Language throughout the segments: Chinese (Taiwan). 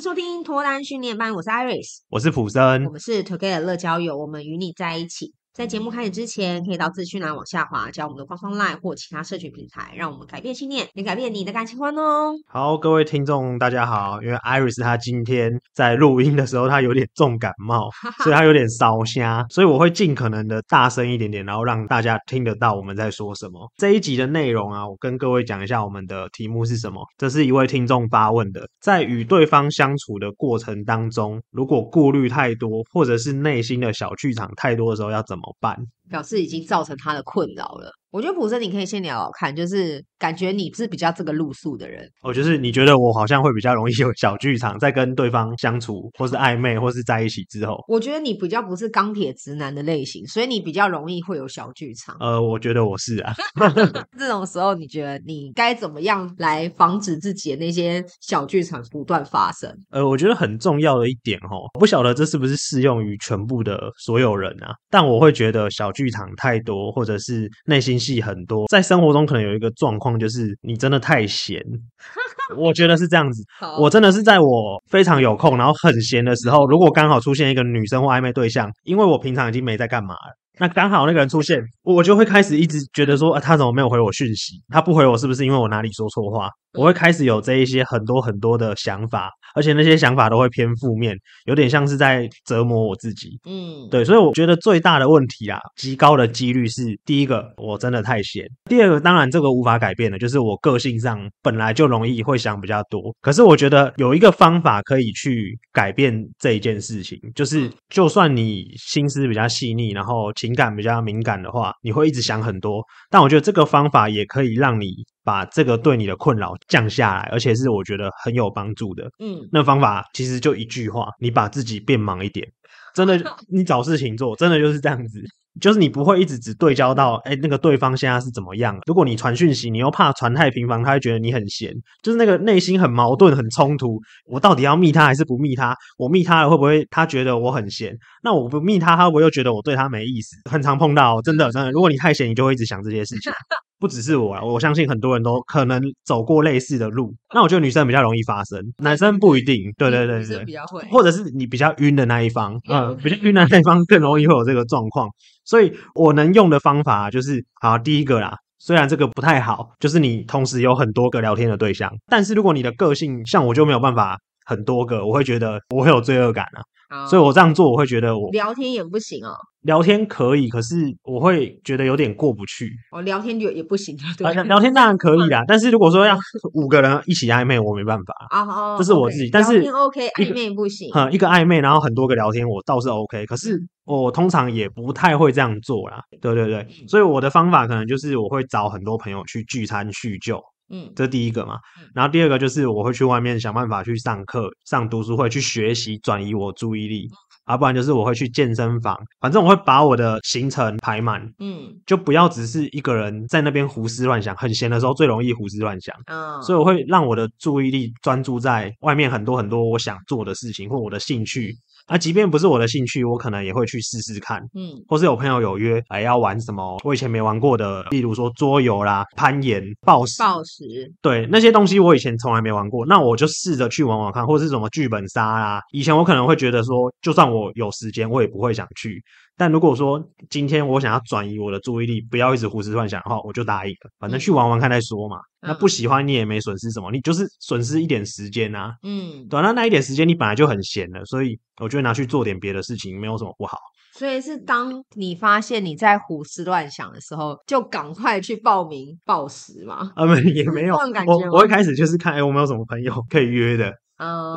收聽脫單訓練班，我是 Iris，我是普森，我們是 Together 樂交友，我們與你在一起。在節目開始之前，可以到資訊欄往下滑，加我們的官方 LINE 或其他社群平台，讓我們改變信念，也改變你的感情觀哦。好，各位聽眾，大家好。因為 Iris 她今天在錄音的時候，她有點重感冒，所以她有點燒蝦， 所以我會盡可能的大聲一點點，然後讓大家聽得到我們在說什麼。這一集的內容啊，我跟各位講一下，我們的題目是什麼？這是一位聽眾發問的，在與對方相處的過程當中，如果顧慮太多，或者是內心的小劇場太多的時候，要怎麼？表示已經造成他的困擾了。我覺得普森你可以先聊聊看，就是感覺你是比較這個路數的人。哦，就是你覺得我好像會比較容易有小劇場，在跟對方相處或是曖昧或是在一起之後，我覺得你比較不是鋼鐵直男的類型，所以你比較容易會有小劇場。呃，我覺得我是啊。 這種時候，你覺得你該怎麼樣來防止自己的那些小劇場不斷發生？呃，我覺得很重要的一點哦，我不曉得這是不是適用於全部的所有人啊，但我會覺得小劇場太多，或者是內心。戲很多，在生活中可能有一個狀況，就是你真的太閒。我覺得是這樣子，我真的是在我非常有空，然後很閒的時候，如果剛好出現一個女生或曖昧對象，因為我平常已經沒在幹嘛了。那剛好那個人出現，我就會開始一直覺得說，啊，他怎麼沒有回我訊息？他不回我，是不是因為我哪裡說錯話？我會開始有這一些很多很多的想法，而且那些想法都會偏負面，有點像是在折磨我自己。嗯，對，所以我覺得最大的問題啊，極高的幾率是，第一個我真的太閒，第二個當然這個無法改變的，就是我個性上本來就容易會想比較多。可是我覺得有一個方法可以去改變這一件事情，就是就算你心思比較細膩，然後情。敏感，比較敏感的話，你會一直想很多。但我覺得這個方法也可以讓你把這個對你的困擾降下來，而且是我覺得很有幫助的。嗯，那方法其實就一句話，你把自己變忙一點，真的，你找事情做，真的就是這樣子。就是你不會一直只對焦到，哎、欸，那個對方現在是怎麼樣？如果你傳訊息，你又怕傳太頻繁，他會覺得你很閒。就是那個內心很矛盾、很衝突，我到底要密他還是不密他？我密他了會不會他覺得我很閒？那我不密他，他會不會又覺得我對他沒意思？很常碰到，真的真的，如果你太閒，你就會一直想這些事情。 不只是我啊，我相信很多人都可能走過類似的路。那我覺得女生比較容易發生，男生不一定。嗯、對對對對，比較會，或者是你比較暈的那一方，呃、嗯，比較暈的那一方更容易會有這個狀況。 所以我能用的方法就是，好，第一個啦，雖然這個不太好，就是你同時有很多個聊天的對象，但是如果你的個性像我就沒有辦法很多個，我會覺得我會有罪惡感啊。Oh, okay. 所以，我這樣做，我會覺得我聊天也不行哦。聊天可以，可是我會覺得有點過不去。哦、oh，聊天就也不行，對。聊天當然可以啦，嗯，但是如果說要五個人一起曖昧，我沒辦法。啊，好，這是我自己。但是聊天 OK，曖昧不行。嗯，一個曖昧，然後很多個聊天，我倒是 OK。可是我通常也不太會這樣做啦。對對對，嗯，所以我的方法可能就是我會找很多朋友去聚餐敘舊。嗯，這第一個嘛。然後第二個就是我會去外面想辦法去上課、上讀書會去學習，轉移我注意力。啊不然就是我會去健身房，反正我會把我的行程排滿。嗯，就不要只是一個人在那邊胡思亂想。很閒的時候最容易胡思亂想。嗯，所以我會讓我的注意力專注在外面很多很多我想做的事情或我的興趣。啊，即便不是我的興趣，我可能也會去試試看，嗯，或是有朋友有約，還要玩什麼我以前沒玩過的，例如說桌遊啦、攀岩、暴食、暴食，對那些東西我以前從來沒玩過，那我就試着去玩玩看，或是什麼劇本殺啦，以前我可能會覺得說，就算我有時間，我也不會想去。但如果說今天我想要轉移我的注意力，不要一直胡思亂想的話，我就答應了，反正去玩玩看再說嘛、嗯。那不喜歡你也沒損失什麼，你就是損失一點時間啊。嗯，短到那一點時間你本來就很閒了，所以我就拿去做點別的事情，沒有什麼不好。所以是當你發現你在胡思亂想的時候，就趕快去報名報時嘛。啊、嗯，沒也沒有，我我一開始就是看，哎，我沒有什麼朋友可以約的。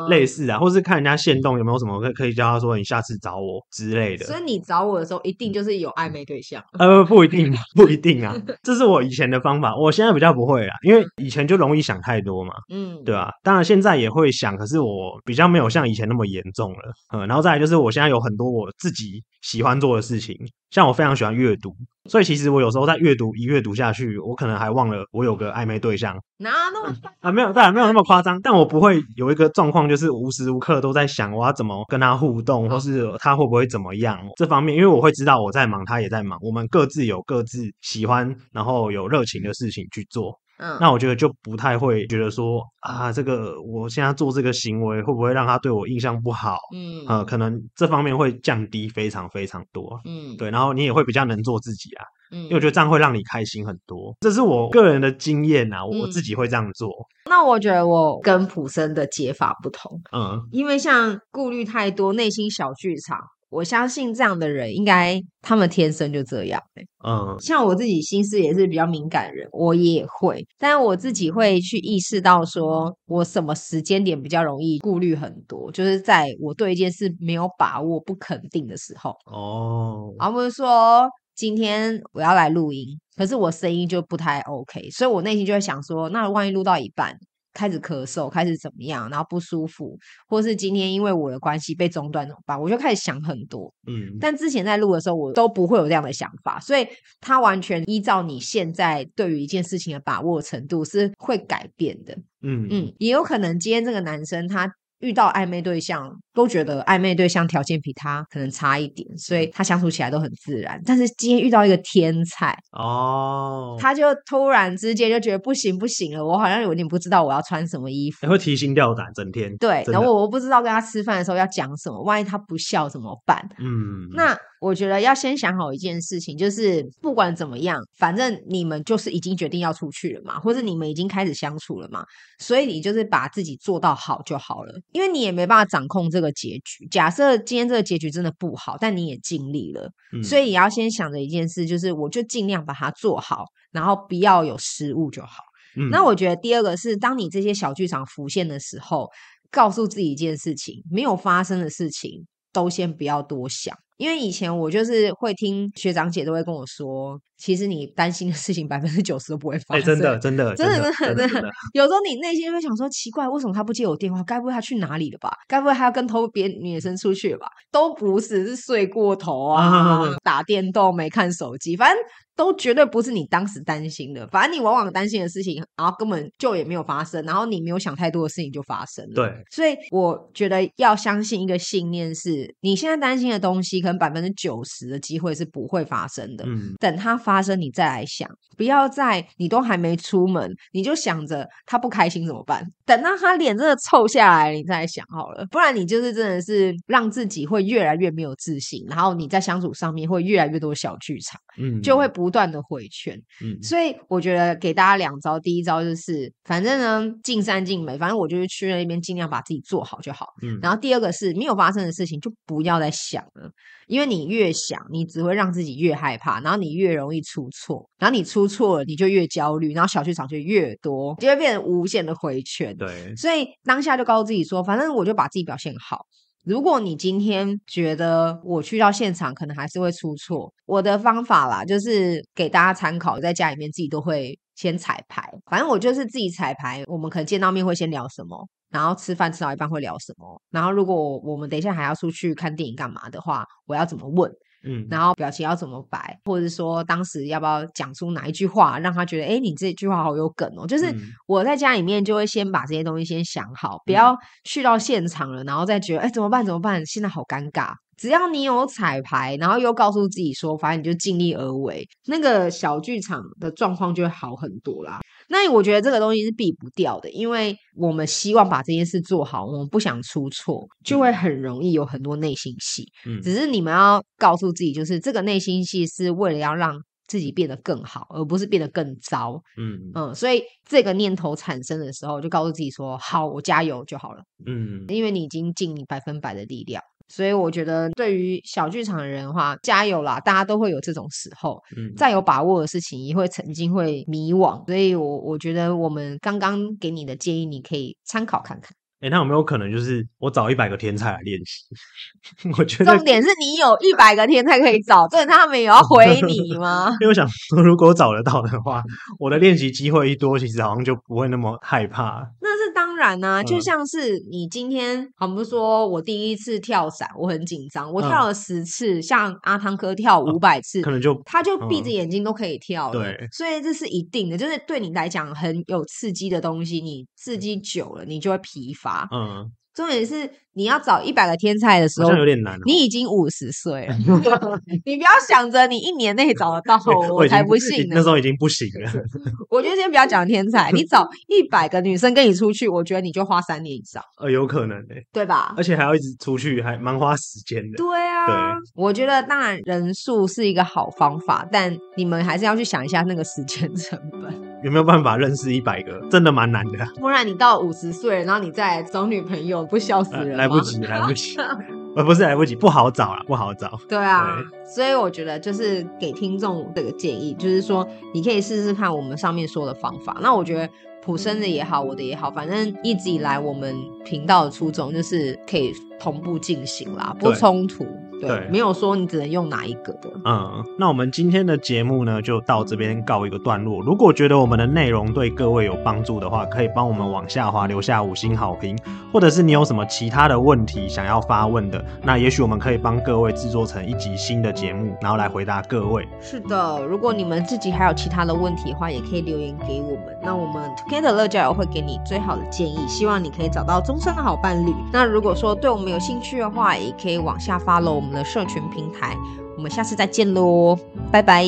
類似啊，或是看人家限動有沒有什麼，可可以教他說你下次找我之類的。嗯、所以你找我的時候，一定就是有曖昧對象？呃、嗯嗯，不一定，不一定啊。 這是我以前的方法，我現在比較不會啊，因為以前就容易想太多嘛，嗯，對吧、啊？當然現在也會想，可是我比較沒有像以前那麼嚴重了。嗯，然後再來就是我現在有很多我自己喜歡做的事情。像我非常喜歡閱讀，所以其實我有時候在閱讀，一閱讀下去，我可能還忘了我有個曖昧對象。那那麼、嗯、啊，沒有，當然沒有那麼誇張。但我不會有一個狀況，就是無時無刻都在想我要怎麼跟他互動，或是他會不會怎麼樣這方面。因為我會知道我在忙，他也在忙，我們各自有各自喜歡，然後有熱情的事情去做。那我覺得就不太會覺得說啊，這個我現在做這個行為會不會讓他對我印象不好？嗯、呃，可能這方面會降低非常非常多。嗯，對，然後你也會比較能做自己啊，嗯，因為我覺得這樣會讓你開心很多，這是我個人的經驗啊，我自己會這樣做。嗯、那我覺得我跟普森的解法不同，嗯，因為像顧慮太多，內心小劇場。我相信這樣的人，應該他們天生就這樣。欸。嗯、uh -huh.，像我自己心思也是比較敏感的人，我也會，但是我自己會去意識到說，說我什麼時間點比較容易顧慮很多，就是在我對一件事沒有把握、不肯定的時候。哦、oh.，而不是說今天我要來錄音，可是我聲音就不太 OK，所以我內心就會想說，那萬一錄到一半，開始咳嗽，開始怎麼樣，然後不舒服，或是今天因為我的關係被中斷怎麼辦？我就開始想很多。嗯，但之前在錄的時候我都不會有這樣的想法，所以他完全依照你現在對於一件事情的把握程度是會改變的。嗯嗯，也有可能今天這個男生他。遇到曖昧對象都覺得曖昧對象條件比他可能差一點，所以他相處起來都很自然。但是今天遇到一個天才，哦，他就突然之間就覺得不行不行了，我好像有點不知道我要穿什麼衣服，你會提心吊膽，整天。對，然後我不知道跟他吃飯的時候要講什麼，萬一他不笑怎麼辦？嗯，那。我覺得要先想好一件事情，就是不管怎麼樣，反正你們就是已經決定要出去了嘛，或者你們已經開始相處了嘛，所以你就是把自己做到好就好了，因為你也沒辦法掌控這個結局。假設今天這個結局真的不好，但你也盡力了，嗯。所以也要先想着一件事，就是我就盡量把它做好，然後不要有失誤就好。嗯。那我覺得第二個是，當你這些小劇場浮現的時候，告訴自己一件事情：沒有發生的事情都先不要多想。因為以前我就是會聽學長姐都會跟我說，其實你擔心的事情百分之九十都不會發生，欸、真的真的真的真的真的，真的。有時候你內心會想說，奇怪，為什麼他不接我電話？該不會他去哪裡了吧？該不會他要跟偷別女生出去了吧？都不是，是睡過頭啊，啊，啊，打電動沒看手機，反正都絕對不是你當時擔心的。反正你往往擔心的事情，然後根本就也沒有發生，然後你沒有想太多的事情就發生了。對，所以我覺得要相信一個信念是，是你現在擔心的東西。可能百分之九十的機會是不會發生的。嗯，等它發生，你再來想，不要再你都還沒出門，你就想着他不開心怎麼辦？等到他臉真的臭下來，你再來想好了。不然你就是真的是讓自己會越來越沒有自信，然後你在相處上面會越來越多小劇場，嗯，就會不斷的回圈。嗯，所以我覺得給大家兩招，第一招就是反正呢，盡善盡美，反正我就是去那邊盡量把自己做好就好。嗯，然後第二個是沒有發生的事情就不要再想了。因為你越想，你只會讓自己越害怕，然後你越容易出錯，然後你出錯了你就越焦慮，然後小劇場就越多，就會變成無限的迴圈。對，所以當下就告訴自己說，反正我就把自己表現好。如果你今天覺得我去到現場可能還是會出錯，我的方法啦，就是給大家參考，在家裡面自己都會先彩排。反正我就是自己彩排，我們可能見到面會先聊什麼，然後吃飯吃到一半會聊什麼？然後如果我們等一下還要出去看電影幹嘛的話，我要怎麼問？嗯，然後表情要怎麼擺？或者是說當時要不要講出哪一句話，讓他覺得，哎，你這句話好有梗哦。就是我在家裡面就會先把這些東西先想好，不要去到現場了，嗯，然後再覺得，哎，怎麼辦？怎麼辦？現在好尷尬。只要你有彩排，然後又告訴自己說，反正你就盡力而為，那個小劇場的狀況就會好很多啦。那我覺得這個東西是避不掉的，因為我們希望把這件事做好，我們不想出錯，就會很容易有很多內心戲。嗯。只是你們要告訴自己，就是這個內心戲是為了要讓自己變得更好，而不是變得更糟。嗯嗯，所以這個念頭產生的時候，就告訴自己說：好，我加油就好了。嗯，因為你已經盡你百分百的力量。所以我覺得，對於小劇場的人的話，加油啦！大家都會有這種時候，嗯，再有把握的事情也會曾經會迷惘。所以我，我我覺得我們剛剛給你的建議，你可以參考看看。哎,那有沒有可能就是我找一百個天才來練習？ 我覺得重點是你有一百個天才可以找，但 他們也要回你嗎？因為我想說，如果找得到的話，我的練習機會一多，其實好像就不會那麼害怕。 那。當然啊，就像是你今天，好、嗯，不如說我第一次跳傘，我很緊張，我跳了十次、嗯，像阿湯哥跳五百次、啊，可能就他就閉着眼睛都可以跳。對、嗯，所以這是一定的，就是對你來講很有刺激的東西，你刺激久了，你就會疲乏。嗯。重點是你要找一百個天才的時候有點難、喔。你已經五十歲了， 你不要想着你一年內找得到我我，我才不信呢。那時候已經不行了。 我覺得先不要講天才，你找一百個女生跟你出去，我覺得你就花三年以上。呃，有可能的、欸、對吧？而且還要一直出去，還蠻花時間的。對啊。對。我覺得當然人數是一個好方法，但你們還是要去想一下那個時間成本。有沒有辦法認識一百個？真的蠻難的啊。不然你到五十歲，然後你再找女朋友，不笑死人嗎？啊，來不及，來不及，呃， 不是來不及，不好找啊，不好找。對啊對，所以我覺得就是給聽眾這個建議，就是說你可以試試看我們上面說的方法。那我覺得普森的也好，我的也好，反正一直以來我們頻道的初衷就是可以同步進行啦，不衝突。對，對，沒有說你只能用哪一個的。嗯，那我們今天的節目呢，就到這邊告一個段落。如果覺得我們的內容對各位有幫助的話，可以幫我們往下滑，留下五星好評。或者是你有什麼其他的問題想要發問的，那也許我們可以幫各位制作成一集新的節目，然後來回答各位。是的，如果你們自己還有其他的問題的話，也可以留言給我們。那我們 Together 樂交友會給你最好的建議，希望你可以找到終身的好伴侶。那如果說對我們有興趣的話，也可以往下 follow 我們的社群平台，我們下次再見嘍，拜拜。